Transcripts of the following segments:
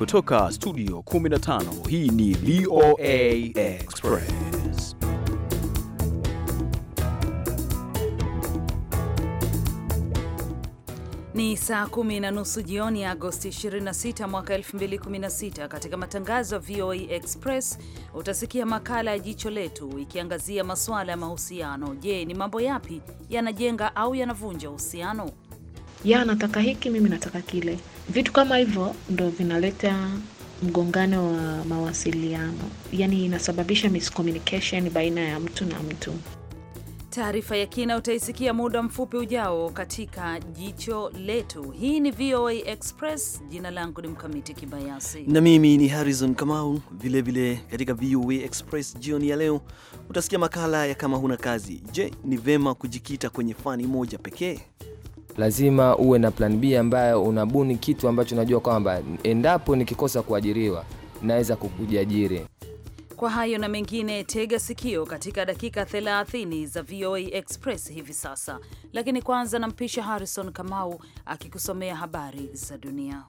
Kutoka studio 15 hii ni VOA Express. Ni saa kumi na nusu jioni ya Agosti 26 mwaka 2016. Katika matangazo ya VOA Express utasikia makala ya jicho letu ikiangazia masuala ya mahusiano. Je, ni mambo yapi yanajenga au yanavunja uhusiano? Ya nataka hiki mimi nataka kile Vitu kama hivyo ndo vinaleta mgongano wa mawasiliano, yani inasababisha miscommunication baina ya mtu na mtu. Taarifa ya kina utaisikia muda mfupi ujao katika Jicho Letu. Hii ni VOA Express. Jina langu ni Mkamiti Kibayasi na mimi ni Harrison Kamau. Vilevile katika VOA Express jioni ya leo utasikia makala ya kama huna kazi. Je, ni vema kujikita kwenye fani moja pekee? lazima uwe na plan B ambayo unabuni kitu ambacho unajua kwamba endapo nikikosa kuajiriwa naweza kukujiajiri. Kwa hayo na mengine, tega sikio katika dakika 30 za VOA Express hivi sasa, lakini kwanza nampisha Harrison Kamau akikusomea habari za dunia.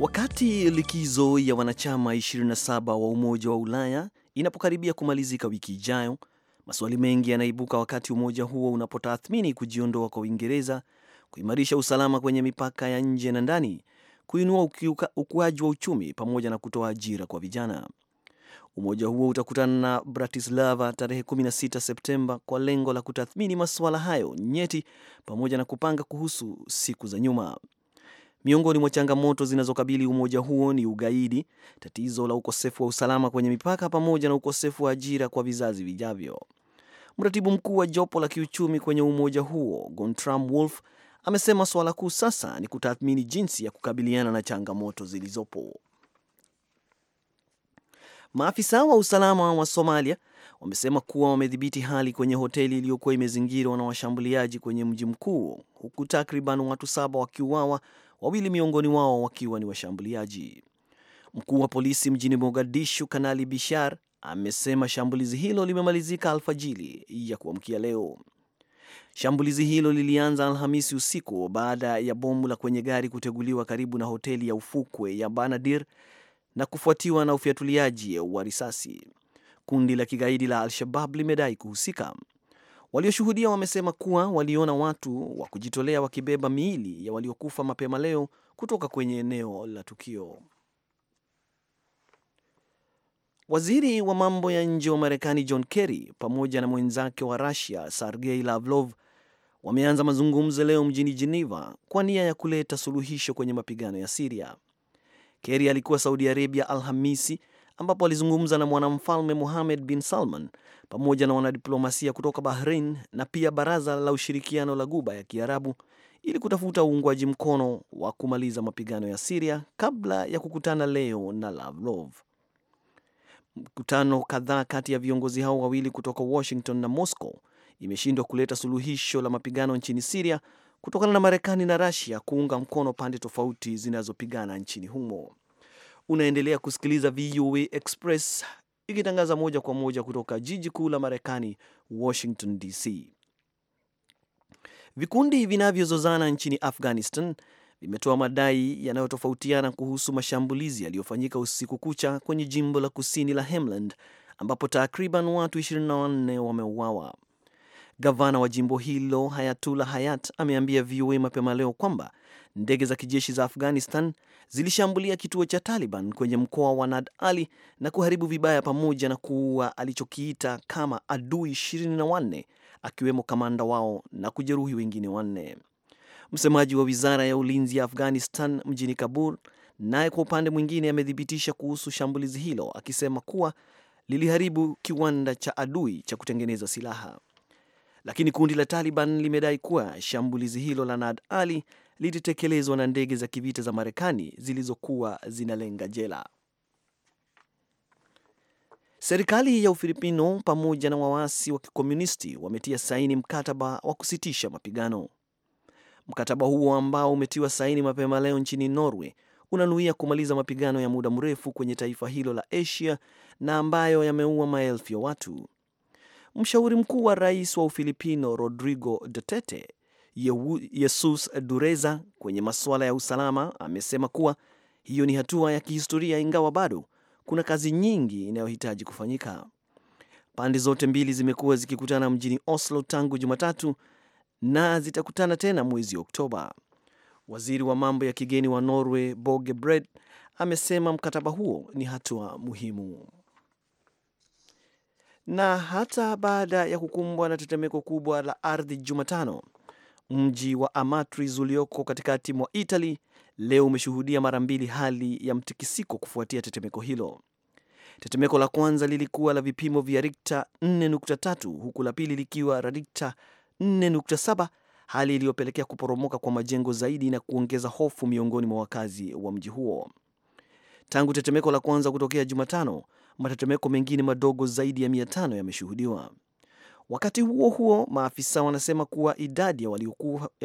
Wakati likizo ya wanachama 27 wa Umoja wa Ulaya Inapokaribia kumalizika wiki ijayo, maswali mengi yanaibuka wakati umoja huo unapotathmini kujiondoa kwa Uingereza, kuimarisha usalama kwenye mipaka ya nje na ndani, kuinua ukuaji wa uchumi pamoja na kutoa ajira kwa vijana. Umoja huo utakutana na Bratislava tarehe 16 Septemba kwa lengo la kutathmini masuala hayo nyeti pamoja na kupanga kuhusu siku za nyuma. Miongoni mwa changamoto zinazokabili umoja huo ni ugaidi, tatizo la ukosefu wa usalama kwenye mipaka, pamoja na ukosefu wa ajira kwa vizazi vijavyo. Mratibu mkuu wa jopo la kiuchumi kwenye umoja huo Gontram Wolf amesema suala kuu sasa ni kutathmini jinsi ya kukabiliana na changamoto zilizopo. Maafisa wa usalama wa Somalia wamesema kuwa wamedhibiti hali kwenye hoteli iliyokuwa imezingirwa na washambuliaji kwenye mji mkuu, huku takriban watu saba wakiuawa wawili miongoni wao wakiwa ni washambuliaji. Mkuu wa polisi mjini Mogadishu, Kanali Bishar, amesema shambulizi hilo limemalizika alfajili ya kuamkia leo. Shambulizi hilo lilianza Alhamisi usiku baada ya bomu la kwenye gari kuteguliwa karibu na hoteli ya ufukwe ya Banadir na kufuatiwa na ufiatuliaji wa risasi. Kundi la kigaidi la Al-Shabab limedai kuhusika Walioshuhudia wamesema kuwa waliona watu wa kujitolea wakibeba miili ya waliokufa mapema leo kutoka kwenye eneo la tukio. Waziri wa mambo ya nje wa Marekani John Kerry pamoja na mwenzake wa rasia Sergei Lavrov wameanza mazungumzo leo mjini Geneva kwa nia ya kuleta suluhisho kwenye mapigano ya Siria. Kerry alikuwa Saudi Arabia Alhamisi ambapo alizungumza na mwanamfalme mohamed bin Salman pamoja na wanadiplomasia kutoka Bahrain na pia baraza la ushirikiano la Guba ya Kiarabu ili kutafuta uungwaji mkono wa kumaliza mapigano ya Siria kabla ya kukutana leo na Lavrov. Mkutano kadhaa kati ya viongozi hao wawili kutoka Washington na Moscow imeshindwa kuleta suluhisho la mapigano nchini Siria kutokana na Marekani na Rasia kuunga mkono pande tofauti zinazopigana nchini humo. Unaendelea kusikiliza VOA Express ikitangaza moja kwa moja kutoka jiji kuu la Marekani, Washington DC. Vikundi vinavyozozana nchini Afghanistan vimetoa madai yanayotofautiana kuhusu mashambulizi yaliyofanyika usiku kucha kwenye jimbo la kusini la Hemland ambapo takriban watu 24 wameuawa. Gavana wa jimbo hilo Hayatullah Hayat ameambia VOA mapema leo kwamba ndege za kijeshi za Afghanistan zilishambulia kituo cha Taliban kwenye mkoa wa Nad Ali na kuharibu vibaya pamoja na kuua alichokiita kama adui 24 akiwemo kamanda wao na kujeruhi wengine wanne. Msemaji wa wizara ya ulinzi ya Afghanistan mjini Kabul naye kwa upande mwingine amethibitisha kuhusu shambulizi hilo akisema kuwa liliharibu kiwanda cha adui cha kutengeneza silaha, lakini kundi la Taliban limedai kuwa shambulizi hilo la Nad Ali lilitekelezwa na ndege za kivita za Marekani zilizokuwa zinalenga jela. Serikali ya Ufilipino pamoja na waasi wa kikomunisti wametia saini mkataba wa kusitisha mapigano. Mkataba huo ambao umetiwa saini mapema leo nchini Norway unanuia kumaliza mapigano ya muda mrefu kwenye taifa hilo la Asia na ambayo yameua maelfu ya watu. Mshauri mkuu wa rais wa Ufilipino Rodrigo Duterte yesus Dureza kwenye masuala ya usalama amesema kuwa hiyo ni hatua ya kihistoria, ingawa bado kuna kazi nyingi inayohitaji kufanyika. Pande zote mbili zimekuwa zikikutana mjini Oslo tangu Jumatatu na zitakutana tena mwezi Oktoba. Waziri wa mambo ya kigeni wa Norway Boge Bred amesema mkataba huo ni hatua muhimu. Na hata baada ya kukumbwa na tetemeko kubwa la ardhi Jumatano, Mji wa Amatrice ulioko katikati mwa Italy leo umeshuhudia mara mbili hali ya mtikisiko kufuatia tetemeko hilo. Tetemeko la kwanza lilikuwa la vipimo vya Rikta 4.3 huku la pili likiwa la Rikta 4.7, hali iliyopelekea kuporomoka kwa majengo zaidi na kuongeza hofu miongoni mwa wakazi wa mji huo. Tangu tetemeko la kwanza kutokea Jumatano, matetemeko mengine madogo zaidi ya 500 yameshuhudiwa. Wakati huo huo, maafisa wanasema kuwa idadi ya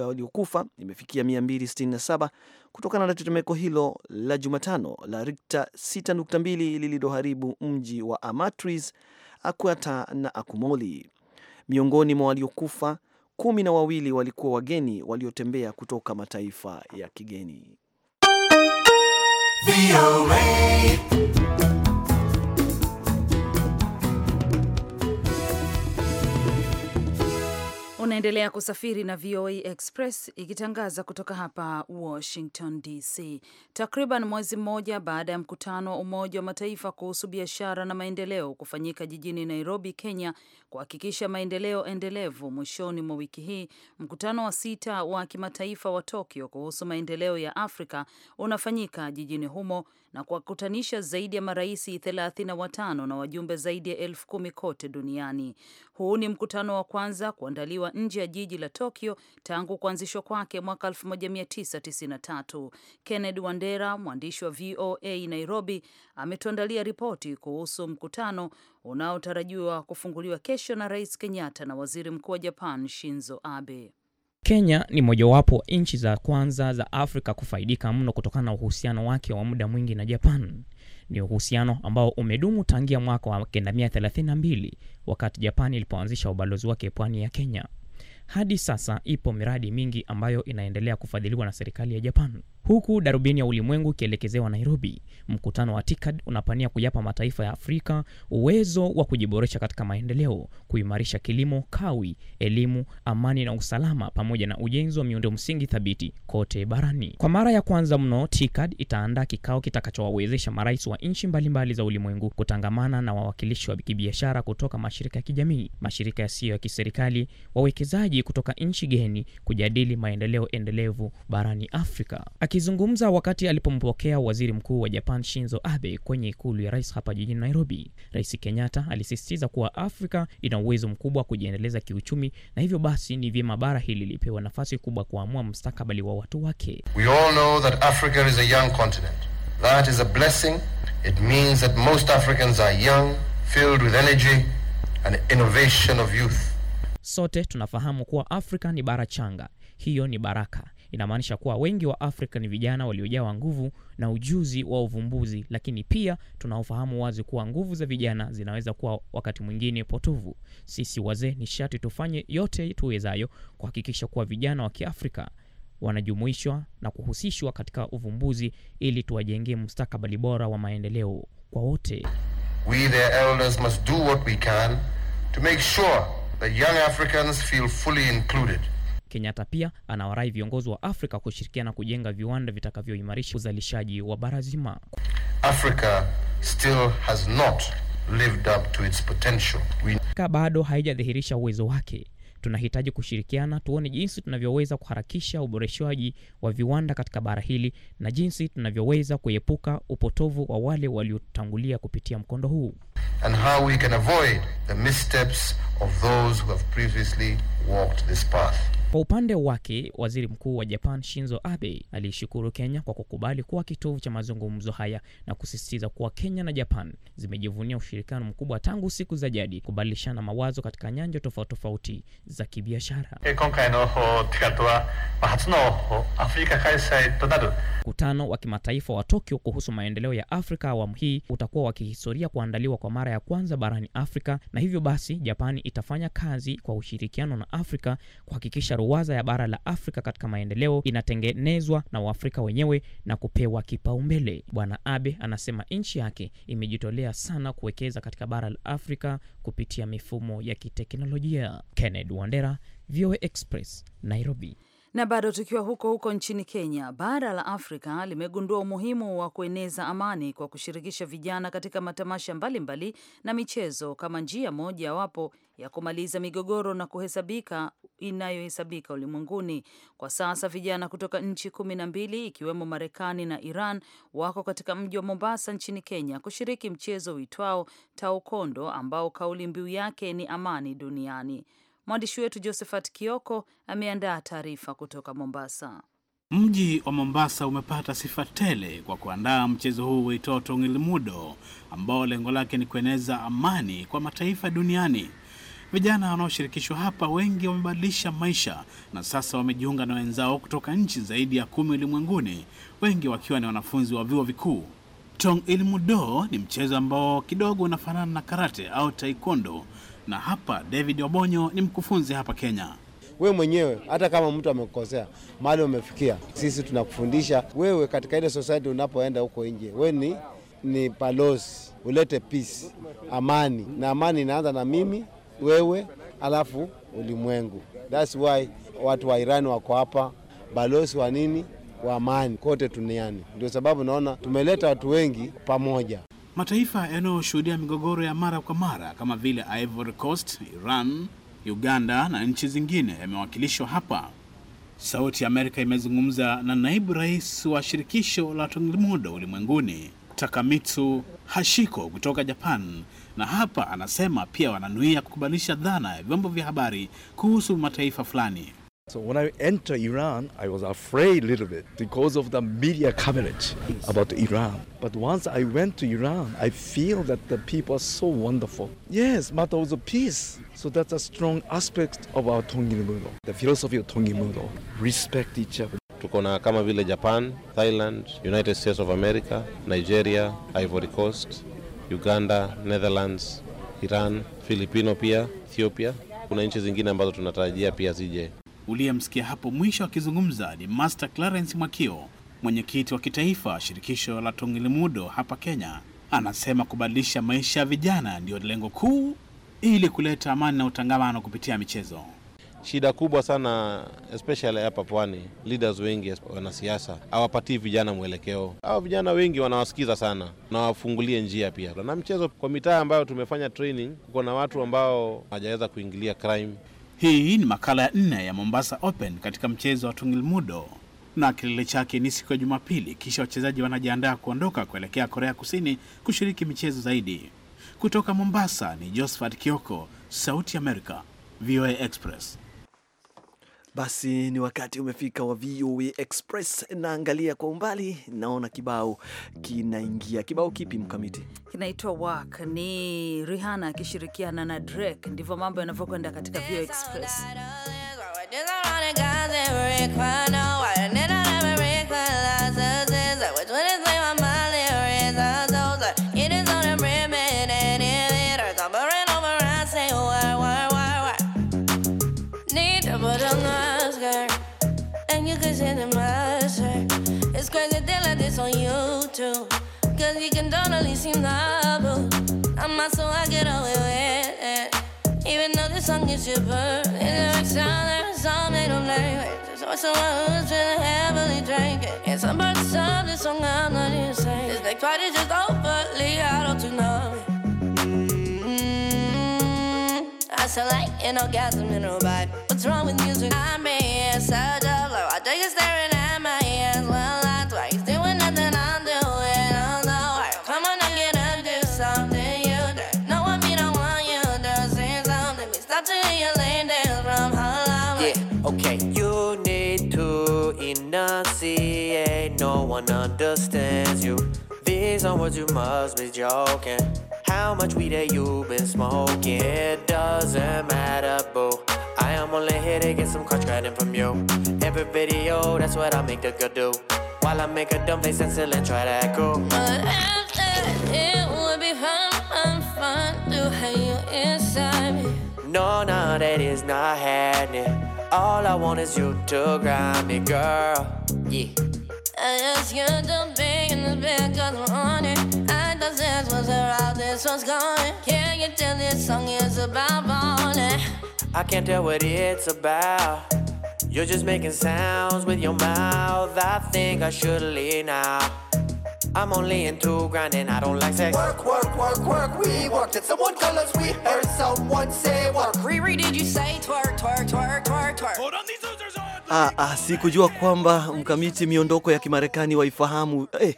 waliokufa imefikia 267 kutokana na tetemeko hilo la Jumatano la rikta 6.2 lililoharibu mji wa amatris Akwata na Akumoli. Miongoni mwa waliokufa kumi na wawili walikuwa wageni waliotembea kutoka mataifa ya kigeni. Unaendelea kusafiri na VOA Express ikitangaza kutoka hapa Washington DC. Takriban mwezi mmoja baada ya mkutano wa Umoja wa Mataifa kuhusu biashara na maendeleo kufanyika jijini Nairobi, Kenya, kuhakikisha maendeleo endelevu, mwishoni mwa wiki hii mkutano wa sita wa kimataifa wa Tokyo kuhusu maendeleo ya Afrika unafanyika jijini humo na kuwakutanisha zaidi ya marais 35 na wajumbe zaidi ya elfu kumi kote duniani. Huu ni mkutano wa kwanza kuandaliwa nje ya jiji la Tokyo tangu kuanzishwa kwake mwaka 1993. kenned Wandera, mwandishi wa VOA Nairobi, ametuandalia ripoti kuhusu mkutano unaotarajiwa kufunguliwa kesho na Rais Kenyatta na Waziri Mkuu wa Japan Shinzo Abe. Kenya ni mojawapo wa nchi za kwanza za Afrika kufaidika mno kutokana na uhusiano wake wa muda mwingi na Japan. Ni uhusiano ambao umedumu tangia mwaka wa 1932 wakati Japan ilipoanzisha ubalozi wake pwani ya Kenya. Hadi sasa ipo miradi mingi ambayo inaendelea kufadhiliwa na serikali ya Japan huku darubini ya ulimwengu ikielekezewa Nairobi. Mkutano wa TICAD unapania kuyapa mataifa ya Afrika uwezo wa kujiboresha katika maendeleo, kuimarisha kilimo, kawi, elimu, amani na usalama, pamoja na ujenzi wa miundo msingi thabiti kote barani. Kwa mara ya kwanza mno, TICAD itaandaa kikao kitakachowawezesha marais wa nchi mbalimbali za ulimwengu kutangamana na wawakilishi wa kibiashara kutoka mashirika ya kijamii, mashirika yasiyo ya kiserikali, wawekezaji kutoka nchi geni, kujadili maendeleo endelevu barani Afrika Aki Akizungumza wakati alipompokea waziri mkuu wa Japan Shinzo Abe kwenye ikulu ya rais hapa jijini Nairobi, Rais Kenyatta alisisitiza kuwa Afrika ina uwezo mkubwa wa kujiendeleza kiuchumi na hivyo basi ni vyema bara hili lipewa nafasi kubwa kuamua mustakabali wa watu wake. We all know that Africa is a young continent. That is a blessing. It means that most Africans are young, filled with energy and innovation of youth. Sote tunafahamu kuwa Afrika ni bara changa. Hiyo ni baraka. Inamaanisha kuwa wengi wa Afrika ni vijana waliojawa nguvu na ujuzi wa uvumbuzi, lakini pia tunaofahamu wazi kuwa nguvu za vijana zinaweza kuwa wakati mwingine potovu. Sisi wazee ni sharti tufanye yote tuwezayo kuhakikisha kuwa vijana wa Kiafrika wanajumuishwa na kuhusishwa katika uvumbuzi ili tuwajengee mustakabali bora wa maendeleo kwa wote. We the elders must do what we can to make sure that young Africans feel fully included. Kenyatta pia anawarai viongozi wa Afrika kushirikiana kujenga viwanda vitakavyoimarisha uzalishaji wa bara zima. Africa still has not lived up to its potential. We... bado haijadhihirisha uwezo wake. Tunahitaji kushirikiana tuone jinsi tunavyoweza kuharakisha uboreshwaji wa viwanda katika bara hili na jinsi tunavyoweza kuepuka upotovu wa wale waliotangulia kupitia mkondo huu. And how we can avoid the missteps of those who have previously walked this path. Kwa upande wake, waziri mkuu wa Japan Shinzo Abe aliishukuru Kenya kwa kukubali kuwa kitovu cha mazungumzo haya na kusisitiza kuwa Kenya na Japan zimejivunia ushirikiano mkubwa tangu siku za jadi, kubadilishana mawazo katika nyanja tofauti tofauti za kibiashara. Eh, Mkutano wa kimataifa wa Tokyo kuhusu maendeleo ya Afrika awamu hii utakuwa wa kihistoria kuandaliwa kwa mara ya kwanza barani Afrika, na hivyo basi Japani itafanya kazi kwa ushirikiano na Afrika kuhakikisha ruwaza ya bara la Afrika katika maendeleo inatengenezwa na Waafrika wenyewe na kupewa kipaumbele. Bwana Abe anasema nchi yake imejitolea sana kuwekeza katika bara la Afrika kupitia mifumo ya kiteknolojia. Kenneth Wandera, VOA Express, Nairobi. Na bado tukiwa huko huko nchini Kenya, bara la Afrika limegundua umuhimu wa kueneza amani kwa kushirikisha vijana katika matamasha mbalimbali mbali na michezo kama njia moja wapo ya kumaliza migogoro na kuhesabika inayohesabika ulimwenguni. Kwa sasa vijana kutoka nchi kumi na mbili ikiwemo Marekani na Iran wako katika mji wa Mombasa nchini Kenya kushiriki mchezo uitwao taukondo ambao kauli mbiu yake ni amani duniani. Mwandishi wetu Josephat Kioko ameandaa taarifa kutoka Mombasa. Mji wa Mombasa umepata sifa tele kwa kuandaa mchezo huu uitwao Tongilmudo ambao lengo lake ni kueneza amani kwa mataifa duniani. Vijana wanaoshirikishwa hapa wengi wamebadilisha maisha na sasa wamejiunga na wenzao kutoka nchi zaidi ya kumi ulimwenguni, wengi wakiwa ni wanafunzi wa vyuo vikuu. Tong Ilmudo ni mchezo ambao kidogo unafanana na karate au taekwondo, na hapa David Wabonyo ni mkufunzi hapa Kenya. Wewe mwenyewe hata kama mtu amekukosea mahali umefikia, sisi tunakufundisha wewe katika ile society unapoenda huko nje, wewe ni ni balozi, ulete peace, amani, na amani inaanza na mimi wewe alafu ulimwengu. That's why watu wa Iran wako hapa, balozi wa nini wa amani kote duniani. Ndio sababu naona tumeleta watu wengi pamoja. Mataifa yanayoshuhudia migogoro ya mara kwa mara kama vile Ivory Coast, Iran, Uganda na nchi zingine yamewakilishwa hapa. Sauti ya Amerika imezungumza na naibu rais wa shirikisho la Tangimodo ulimwenguni Takamitsu Hashiko kutoka Japan na hapa anasema pia wananuia kukubalisha dhana ya vyombo vya habari kuhusu mataifa fulani. So when I enter Iran, I was afraid a little bit because of the media coverage about Iran. But once I went to Iran, I feel that the people are so wonderful. Yes, matter of the peace. So that's a strong aspect of our The philosophy of respect each other. Tuko na kama vile Japan, Thailand, United States of America, Nigeria, Ivory Coast. Uganda, Netherlands, Iran, Filipino pia, Ethiopia. Kuna nchi zingine ambazo tunatarajia pia zije. Uliyemsikia hapo mwisho akizungumza ni Master Clarence Mwakio, mwenyekiti wa kitaifa shirikisho la Tongilimudo hapa Kenya. Anasema kubadilisha maisha ya vijana ndiyo lengo kuu ili kuleta amani na utangamano kupitia michezo. Shida kubwa sana especially hapa pwani, leaders wengi wanasiasa hawapatii vijana mwelekeo. Hao vijana wengi wanawasikiza sana na wafungulie njia pia. Na mchezo kwa mitaa ambayo tumefanya training, kuko na watu ambao hawajaweza kuingilia crime. Hii ni makala ya nne ya Mombasa Open katika mchezo wa tungilmudo na kilele chake ni siku ya Jumapili, kisha wachezaji wanajiandaa kuondoka kuelekea Korea Kusini kushiriki michezo zaidi. Kutoka Mombasa ni Josephat Kioko, Sauti America, VOA Express. Basi ni wakati umefika wa VOA Express. Naangalia kwa umbali, naona kibao kinaingia. Kibao kipi Mkamiti? Kinaitwa Work, ni Rihanna akishirikiana na Drake. Ndivyo mambo yanavyokwenda katika VOA Express. unreasonable. I'm not so I get away with it. Even though this song is your bird, it's every sound, every song made of language. It's always someone who's been heavily drinking. And some parts of song I'm not even saying. It's like twice, just overly out to know. Mm-hmm. I sound like an orgasm in a robot. What's wrong with music? I'm being so one understands you. These are words you must be joking. How much weed have you been smoking? It doesn't matter, boo. I am only here to get some crutch grinding from you. Every video, that's what I make the girl do. While I make a dumb face and still and try to go. But after it would be fun, fun, fun to have you inside me. No, no, that is not happening. All I want is you to grind me, girl. Yeah was this was gone. Can you tell this song is about I can't tell what it's about. You're just making sounds with your mouth. I think I should leave now. I'm only into grinding, I don't like sex. Work, work, work, work, we worked it. Someone call us, we heard someone say work. Riri, did you say twerk, twerk, twerk, twerk, twerk? Hold on, these losers. Ah, ah, sikujua kwamba mkamiti miondoko ya Kimarekani waifahamu eh,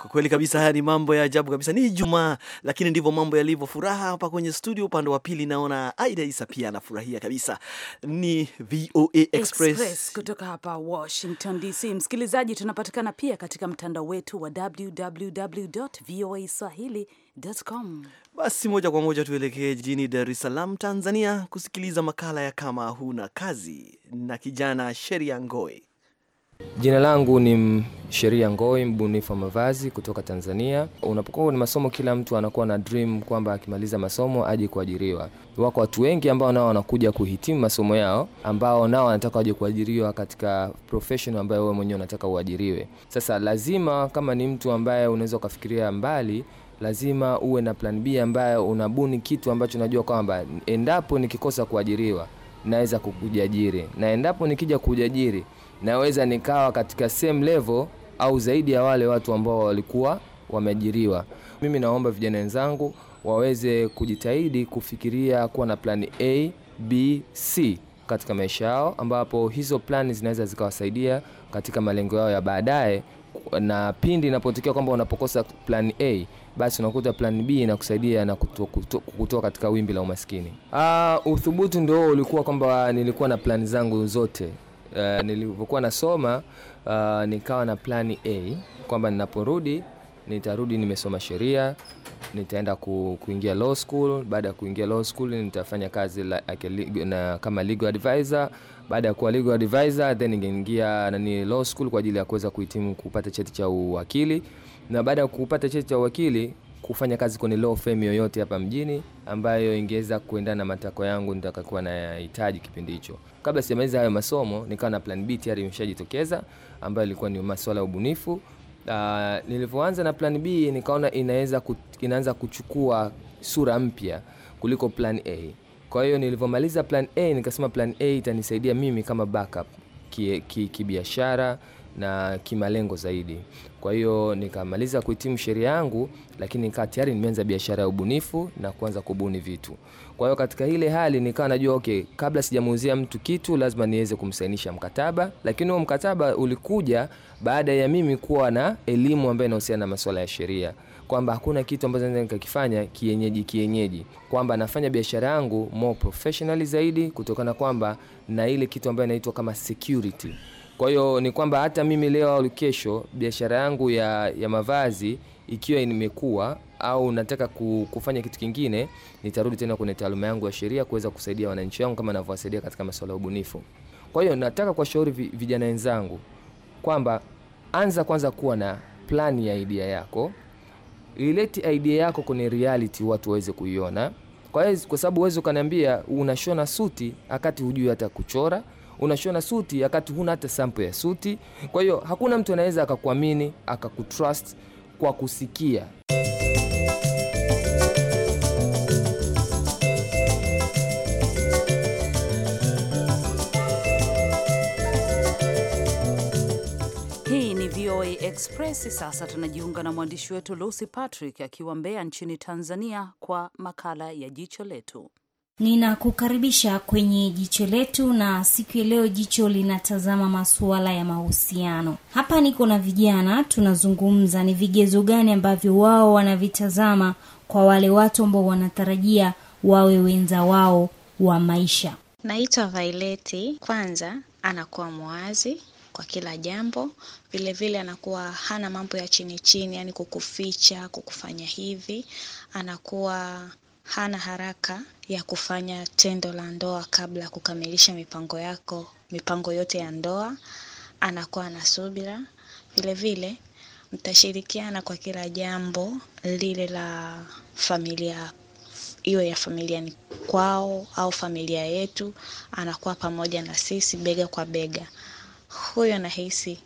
kwa kweli kabisa, haya ni mambo ya ajabu kabisa. Ni Ijumaa, lakini ndivyo mambo yalivyo. Furaha hapa kwenye studio, upande wa pili naona Aida Isa pia anafurahia kabisa. Ni VOA Express, Express kutoka hapa Washington DC. Msikilizaji, tunapatikana pia katika mtandao wetu wa www.voaswahili.com. Basi moja kwa moja tuelekee jijini Dar es Salaam, Tanzania, kusikiliza makala ya kama huna kazi na kijana Sheria Ngoe. Jina langu ni Sheria Ngoi, mbunifu wa mavazi kutoka Tanzania. Unapokuwa kwenye masomo, kila mtu anakuwa na dream kwamba akimaliza masomo aje kuajiriwa. Wako watu wengi ambao nao wanakuja kuhitimu masomo yao, ambao nao wanataka waje kuajiriwa katika profession ambayo wewe mwenyewe unataka uajiriwe. Sasa lazima, kama ni mtu ambaye unaweza ukafikiria mbali, lazima uwe na plan B ambayo unabuni kitu ambacho unajua kwamba endapo nikikosa kuajiriwa naweza kukujiajiri, na endapo nikija kujiajiri naweza nikawa katika same level au zaidi ya wale watu ambao walikuwa wameajiriwa. Mimi naomba vijana wenzangu waweze kujitahidi kufikiria kuwa na plani A, B, C katika maisha yao, ambapo hizo plani zinaweza zikawasaidia katika malengo yao ya baadaye, na pindi inapotokea kwamba unapokosa plan A basi unakuta plan B inakusaidia na kutoka katika wimbi la umaskini. Uh, uthubutu ndio ulikuwa kwamba nilikuwa na plani zangu zote uh, nilivyokuwa nasoma uh, nikawa na plani A kwamba ninaporudi nitarudi nimesoma sheria, nitaenda ku, kuingia law school. Baada ya kuingia law school nitafanya kazi la, na, kama legal advisor. Baada ya kuwa legal advisor then ningeingia nani law school kwa ajili ya kuweza kuhitimu kupata cheti cha uwakili, na baada ya kupata cheti cha uwakili kufanya kazi kwenye law firm yoyote hapa mjini ambayo ingeweza kuendana na matakwa yangu nitakakuwa nayahitaji kipindi hicho. Kabla sijamaliza hayo masomo, nikawa na plan B tayari imeshajitokeza ambayo ilikuwa ni masuala ya ubunifu. Uh, nilivyoanza na plan B nikaona inaweza ku, inaanza kuchukua sura mpya kuliko plan A. Kwa hiyo nilivyomaliza plan A nikasema plan A itanisaidia mimi kama backup kibiashara ki, ki na kimalengo zaidi. Kwa hiyo nikamaliza kuhitimu sheria yangu, lakini nikawa tayari nimeanza biashara ya ubunifu na kuanza kubuni vitu. Kwa hiyo katika ile hali nikawa najua okay, kabla sijamuuzia mtu kitu lazima niweze kumsainisha mkataba, lakini huo mkataba ulikuja baada ya mimi kuwa na elimu ambayo inahusiana na masuala ya sheria kwamba hakuna kitu ambacho naweza nikakifanya kienyeji kienyeji, kwamba nafanya biashara yangu more professionally zaidi, kutokana kwamba na ile kitu ambayo inaitwa kama security kwa hiyo ni kwamba hata mimi leo au kesho biashara yangu ya, ya mavazi ikiwa imekuwa au nataka kufanya kitu kingine, nitarudi tena kwenye taaluma yangu ya sheria kuweza kusaidia wananchi wangu kama ninavyowasaidia katika masuala ya ubunifu. Kwa hiyo nataka kuwashauri vijana wenzangu kwamba anza kwanza kuwa na plani ya idea yako, ileti idea yako kwenye reality, watu waweze kuiona, kwa sababu huwezi ukaniambia unashona suti akati hujui hata kuchora unashona suti wakati huna hata sample ya suti. Kwa hiyo hakuna mtu anaweza akakuamini akakutrust kwa kusikia. Express. Sasa tunajiunga na mwandishi wetu Lucy Patrick akiwa Mbeya nchini Tanzania kwa makala ya jicho letu. Ninakukaribisha kwenye jicho letu, na siku ya leo jicho linatazama masuala ya mahusiano. Hapa niko na vijana, tunazungumza ni vigezo gani ambavyo wao wanavitazama kwa wale watu ambao wanatarajia wawe wenza wao wa maisha. Naitwa Vaileti. Kwanza anakuwa mwazi kwa kila jambo, vilevile vile anakuwa hana mambo ya chini chini, yani kukuficha, kukufanya hivi, anakuwa hana haraka ya kufanya tendo la ndoa kabla ya kukamilisha mipango yako mipango yote ya ndoa, anakuwa na subira. Vile vile mtashirikiana kwa kila jambo lile la familia, iwe ya familia ni kwao au familia yetu, anakuwa pamoja na sisi bega kwa bega. Huyo nahisi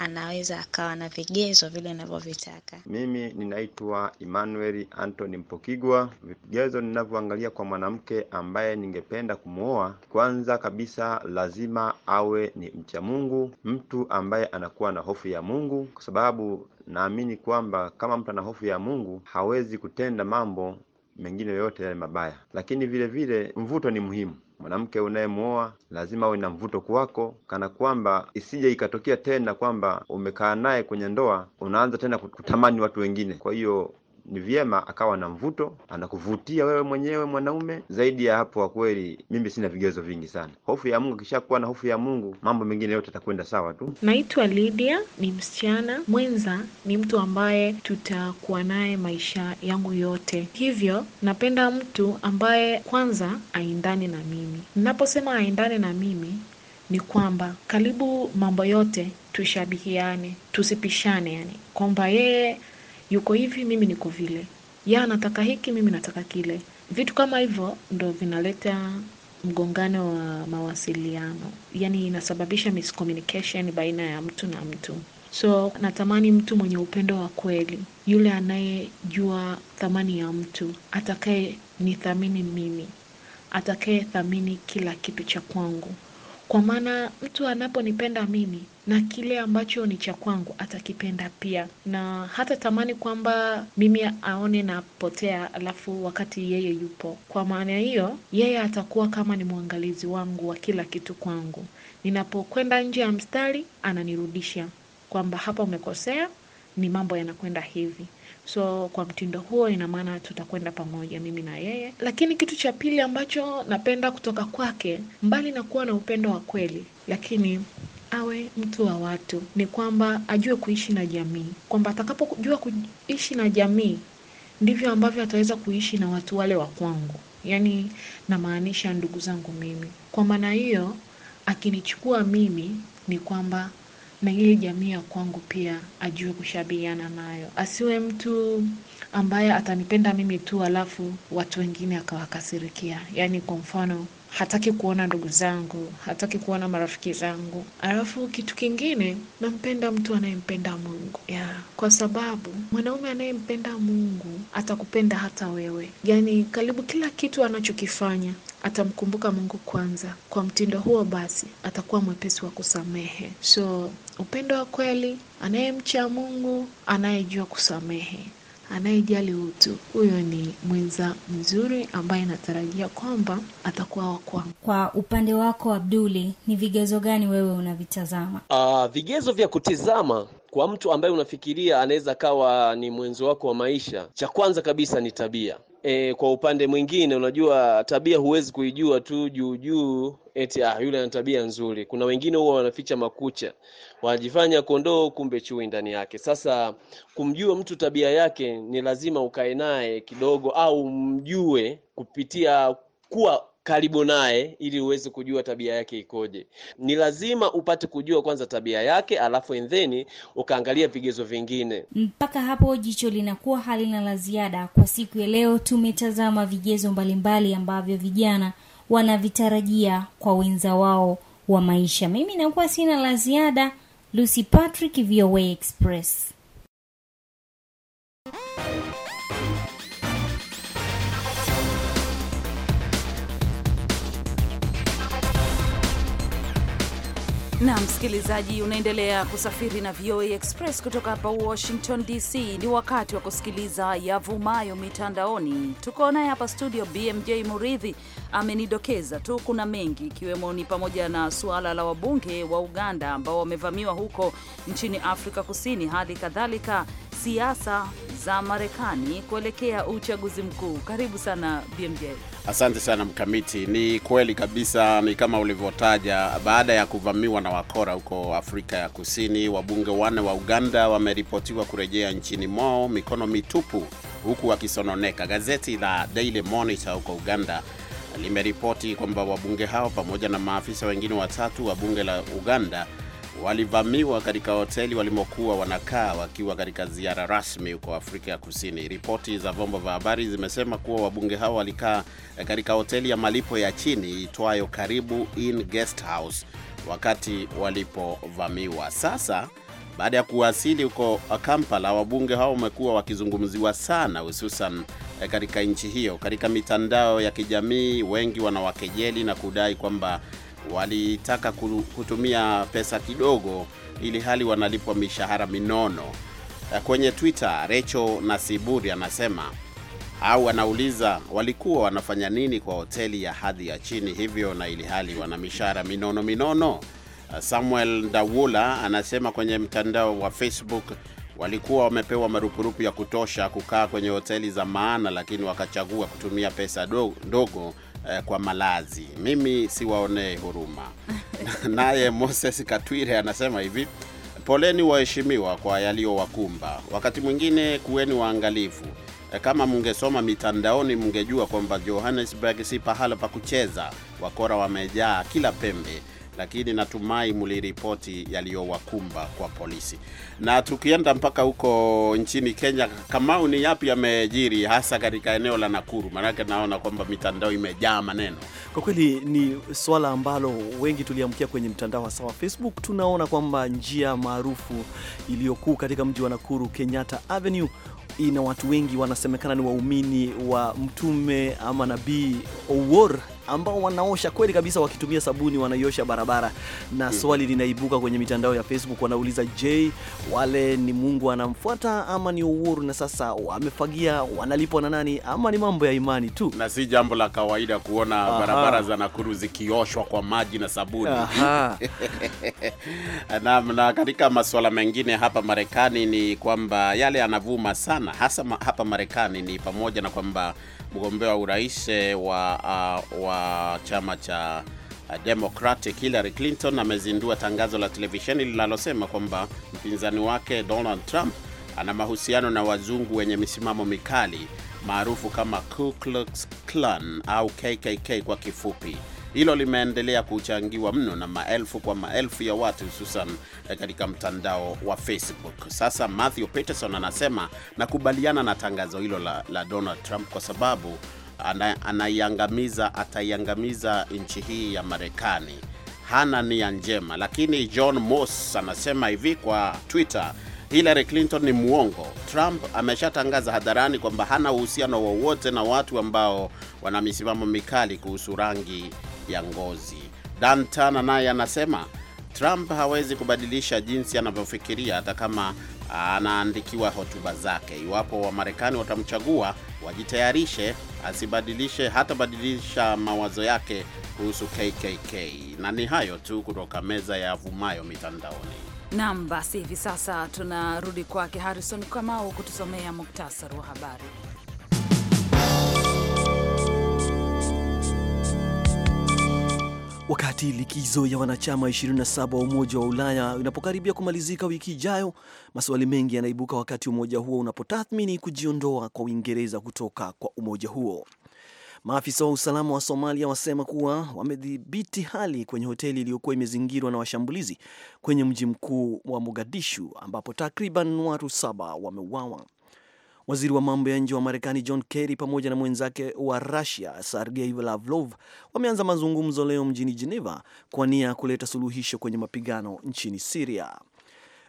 anaweza akawa na vigezo vile anavyovitaka. Mimi ninaitwa Emmanuel Anthony Mpokigwa. Vigezo ninavyoangalia kwa mwanamke ambaye ningependa kumwoa, kwanza kabisa lazima awe ni mcha Mungu, mtu ambaye anakuwa na hofu ya Mungu, kwa sababu naamini kwamba kama mtu ana hofu ya Mungu hawezi kutenda mambo mengine yoyote yale mabaya. Lakini vile vile mvuto ni muhimu mwanamke unayemwoa lazima awe na mvuto kwako, kana kwamba isije ikatokea tena kwamba umekaa naye kwenye ndoa unaanza tena kutamani watu wengine. Kwa hiyo ni vyema akawa na mvuto, anakuvutia wewe mwenyewe mwanaume. Zaidi ya hapo, kwa kweli mimi sina vigezo vingi sana. Hofu ya Mungu, kuwa na hofu ya Mungu mambo mengine yote atakwenda sawa tu. Naitwa Lydia, ni msichana mwenza, ni mtu ambaye tutakuwa naye maisha yangu yote, hivyo napenda mtu ambaye kwanza aendane na mimi. Ninaposema aendane na mimi ni kwamba karibu mambo yote tushabihiane, tusipishane, yani kwamba yeye yuko hivi, mimi niko vile, ya anataka hiki, mimi nataka kile. Vitu kama hivyo ndo vinaleta mgongano wa mawasiliano, yani inasababisha miscommunication baina ya mtu na mtu. So natamani mtu mwenye upendo wa kweli, yule anayejua thamani ya mtu, atakaye nithamini mimi, atakaye thamini kila kitu cha kwangu. Kwa maana mtu anaponipenda mimi na kile ambacho ni cha kwangu atakipenda pia, na hata tamani kwamba mimi aone napotea alafu wakati yeye yupo. Kwa maana hiyo, yeye atakuwa kama ni mwangalizi wangu wa kila kitu kwangu. Ninapokwenda nje ya mstari, ananirudisha kwamba hapa umekosea, ni mambo yanakwenda hivi. So kwa mtindo huo, ina maana tutakwenda pamoja mimi na yeye. Lakini kitu cha pili ambacho napenda kutoka kwake, mbali na kuwa na upendo wa kweli, lakini awe mtu wa watu, ni kwamba ajue kuishi na jamii, kwamba atakapojua kuishi na jamii ndivyo ambavyo ataweza kuishi na watu wale wa kwangu, yaani namaanisha ndugu zangu mimi. Kwa maana hiyo, akinichukua mimi ni kwamba ile jamii ya kwangu pia ajue kushabihiana nayo, asiwe mtu ambaye atanipenda mimi tu alafu watu wengine akawakasirikia. Yaani kwa mfano, hataki kuona ndugu zangu, hataki kuona marafiki zangu. Alafu kitu kingine, nampenda mtu anayempenda Mungu yeah. Kwa sababu mwanaume anayempenda Mungu atakupenda hata wewe, yaani karibu kila kitu anachokifanya atamkumbuka Mungu kwanza. Kwa mtindo huo basi atakuwa mwepesi wa kusamehe. So upendo wa kweli, anayemcha Mungu, anayejua kusamehe, anayejali utu, huyo ni mwenza mzuri ambaye anatarajia kwamba atakuwa wa kwangu. Kwa upande wako Abduli, ni vigezo gani wewe unavitazama? Uh, vigezo vya kutizama kwa mtu ambaye unafikiria anaweza kawa ni mwenzo wako wa maisha, cha kwanza kabisa ni tabia e, kwa upande mwingine unajua tabia huwezi kuijua tu juu juu eti ah, yule ana tabia nzuri. Kuna wengine huwa wanaficha makucha, wanajifanya kondoo, kumbe chui ndani yake. Sasa kumjua mtu tabia yake ni lazima ukae naye kidogo, au mjue kupitia kuwa karibu naye ili uweze kujua tabia yake ikoje. Ni lazima upate kujua kwanza tabia yake, alafu endheni ukaangalia vigezo vingine. Mpaka hapo jicho linakuwa halina la ziada. Kwa siku ya leo tumetazama vigezo mbalimbali ambavyo vijana wanavitarajia kwa wenza wao wa maisha. Mimi nakuwa sina la ziada. Lucy Patrick, VOA Express. na msikilizaji, unaendelea kusafiri na VOA Express kutoka hapa Washington DC. Ni wakati wa kusikiliza yavumayo mitandaoni. Tuko naye hapa studio, BMJ Muridhi amenidokeza tu kuna mengi, ikiwemo ni pamoja na suala la wabunge wa Uganda ambao wamevamiwa huko nchini Afrika Kusini, hali kadhalika siasa za Marekani kuelekea uchaguzi mkuu. Karibu sana BMJ. Asante sana Mkamiti. Ni kweli kabisa, ni kama ulivyotaja. Baada ya kuvamiwa na wakora huko Afrika ya Kusini, wabunge wane wa Uganda wameripotiwa kurejea nchini mwao mikono mitupu, huku wakisononeka. Gazeti la Daily Monitor huko Uganda limeripoti kwamba wabunge hao pamoja na maafisa wengine watatu wa bunge la Uganda walivamiwa katika hoteli walimokuwa wanakaa wakiwa katika ziara rasmi huko Afrika ya Kusini. Ripoti za vyombo vya habari zimesema kuwa wabunge hao walikaa eh, katika hoteli ya malipo ya chini itwayo Karibu Inn Guest House wakati walipovamiwa. Sasa baada ya kuwasili huko Kampala, wabunge hao wamekuwa wakizungumziwa sana, hususan eh, katika nchi hiyo. Katika mitandao ya kijamii, wengi wanawakejeli na kudai kwamba walitaka kutumia pesa kidogo, ili hali wanalipwa mishahara minono. Eh, kwenye Twitter, Recho Nasiburi anasema au anauliza walikuwa wanafanya nini kwa hoteli ya hadhi ya chini hivyo, na ili hali wana mishahara minono minono. Eh, Samuel Dawula anasema kwenye mtandao wa Facebook walikuwa wamepewa marupurupu ya kutosha kukaa kwenye hoteli za maana, lakini wakachagua kutumia pesa ndogo eh, kwa malazi. Mimi siwaonee huruma. Naye Moses Katwire anasema hivi: poleni waheshimiwa kwa yaliyowakumba. Wakati mwingine kuweni waangalifu. Eh, kama mungesoma mitandaoni mungejua kwamba Johannesburg si pahala pa kucheza. Wakora wamejaa kila pembe lakini natumai mliripoti yaliyowakumba kwa polisi. Na tukienda mpaka huko nchini Kenya, Kamau, ni yapi yamejiri hasa katika eneo la Nakuru? Maanake naona kwamba mitandao imejaa maneno. Kwa kweli ni swala ambalo wengi tuliamkia kwenye mtandao hasa wa Facebook. Tunaona kwamba njia maarufu iliyokuu katika mji wa Nakuru, Kenyatta Avenue ina watu wengi wanasemekana ni waumini wa mtume ama nabii Owor ambao wanaosha kweli kabisa wakitumia sabuni wanaiosha barabara, na mhm. swali linaibuka kwenye mitandao ya Facebook, wanauliza je, wale ni Mungu anamfuata ama ni uhuru? Na sasa wamefagia, wanalipwa na nani ama ni mambo ya imani tu? Na si jambo la kawaida kuona Aha. barabara za Nakuru zikioshwa kwa maji na sabuni na, na katika masuala mengine hapa Marekani ni kwamba yale yanavuma sana hasa hapa Marekani ni pamoja na kwamba mgombea eh, wa urais ah, wa, wa chama cha ah, Democratic Hillary Clinton amezindua tangazo la televisheni linalosema kwamba mpinzani wake Donald Trump ana mahusiano na wazungu wenye misimamo mikali maarufu kama Ku Klux Klan au KKK kwa kifupi. Hilo limeendelea kuchangiwa mno na maelfu kwa maelfu ya watu, hususan eh, katika mtandao wa Facebook. Sasa Matthew Peterson anasema nakubaliana na tangazo hilo la, la Donald Trump kwa sababu anaiangamiza ataiangamiza nchi hii ya Marekani. Hana nia njema. Lakini John Moss anasema hivi kwa Twitter, Hillary Clinton ni mwongo. Trump ameshatangaza hadharani kwamba hana uhusiano wowote na watu ambao wana misimamo mikali kuhusu rangi ya ngozi. Dan Tana naye anasema Trump hawezi kubadilisha jinsi anavyofikiria hata kama anaandikiwa hotuba zake. Iwapo Wamarekani watamchagua, wajitayarishe asibadilishe, hatabadilisha mawazo yake kuhusu KKK. Na ni hayo tu kutoka meza ya vumayo mitandaoni. Naam, basi hivi sasa tunarudi kwake Harrison Kamau kutusomea muktasari wa habari. Wakati likizo ya wanachama 27 wa Umoja wa Ulaya inapokaribia kumalizika wiki ijayo, maswali mengi yanaibuka wakati umoja huo unapotathmini kujiondoa kwa Uingereza kutoka kwa umoja huo. Maafisa wa usalama wa Somalia wasema kuwa wamedhibiti hali kwenye hoteli iliyokuwa imezingirwa na washambulizi kwenye mji mkuu wa Mogadishu ambapo takriban watu saba wameuawa. Waziri wa mambo ya nje wa Marekani John Kerry pamoja na mwenzake wa Russia Sergei Lavrov wameanza mazungumzo leo mjini Geneva kwa nia ya kuleta suluhisho kwenye mapigano nchini Siria.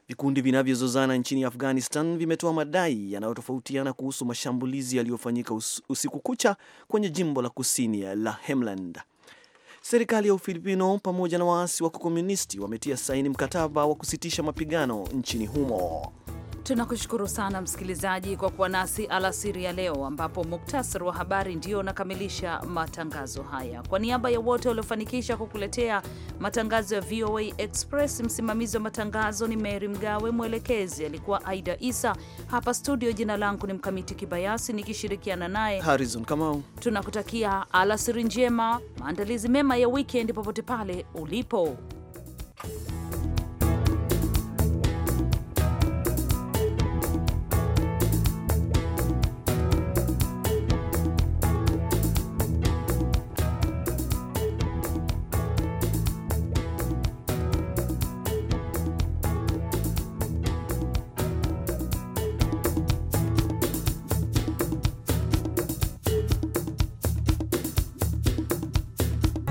Vikundi vinavyozozana nchini Afghanistan vimetoa madai yanayotofautiana kuhusu mashambulizi yaliyofanyika usiku kucha kwenye jimbo la kusini la Helmand. Serikali ya Ufilipino pamoja na waasi wa kikomunisti wametia saini mkataba wa kusitisha mapigano nchini humo. Tunakushukuru sana msikilizaji kwa kuwa nasi alasiri ya leo, ambapo muktasari wa habari ndio unakamilisha matangazo haya. Kwa niaba ya wote waliofanikisha kukuletea matangazo ya VOA Express, msimamizi wa matangazo ni Mary Mgawe, mwelekezi alikuwa Aida Isa. Hapa studio, jina langu ni Mkamiti Kibayasi nikishirikiana naye Harrison Kamau. Tunakutakia alasiri njema, maandalizi mema ya wikendi popote pale ulipo.